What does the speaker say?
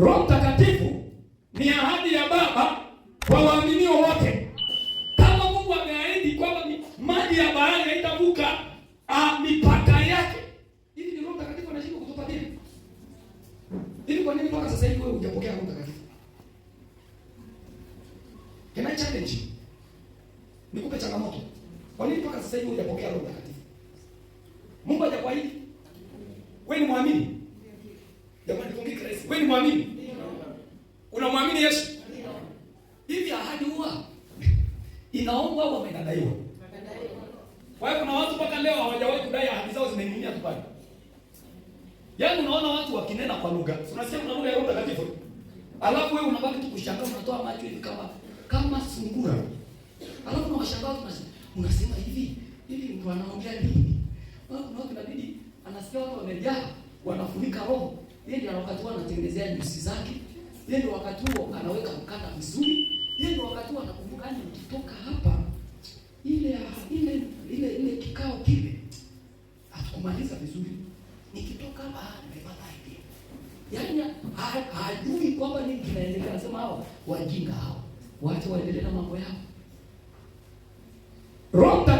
Roho Mtakatifu ni ahadi ya Baba kwa waaminio wote. Kama Mungu ameahidi kwamba maji ya bahari haitavuka ah, mipaka yake, hivi ni Roho Mtakatifu anashindwa kutupatia hivi? Kwa nini mpaka sasa hivi wewe hujapokea Roho Mtakatifu? Can I challenge? Nikupe changamoto. Kwa nini mpaka sasa hivi hujapokea Roho Mtakatifu? Mungu hajakuahidi? Wewe ni mwamini? Jamani, tuongee kirahisi. Wewe ni muamini? Unamwamini Yesu? Hivi ahadi huwa inaombwa au inadaiwa? Kwa hiyo kuna watu mpaka leo hawajawahi kudai ahadi zao zimening'inia tu pale. Yaani unaona watu wakinena kwa lugha. Unasikia kuna lugha ya Roho Mtakatifu. Alafu wewe unabaki tu kushangaa unatoa macho hivi kama kama sungura. Alafu unawashangaa watu unasema hivi, hivi mtu anaongea nini? Wao kuna watu anasikia watu wamejaa wanafunika roho yeye ndio wakati huo anatengenezea nyusi zake, yeye ndio wakati huo anaweka mkanda mzuri, yeye ndio wakati huo anakumbuka, yani nikitoka hapa ile ile ile ile kikao kile atakumaliza vizuri, nikitoka hapa ah, nimepata idea. Yaani hajui kwamba nini kinaendelea, anasema hao wajinga hao, waache waendelee na mambo yao. Roho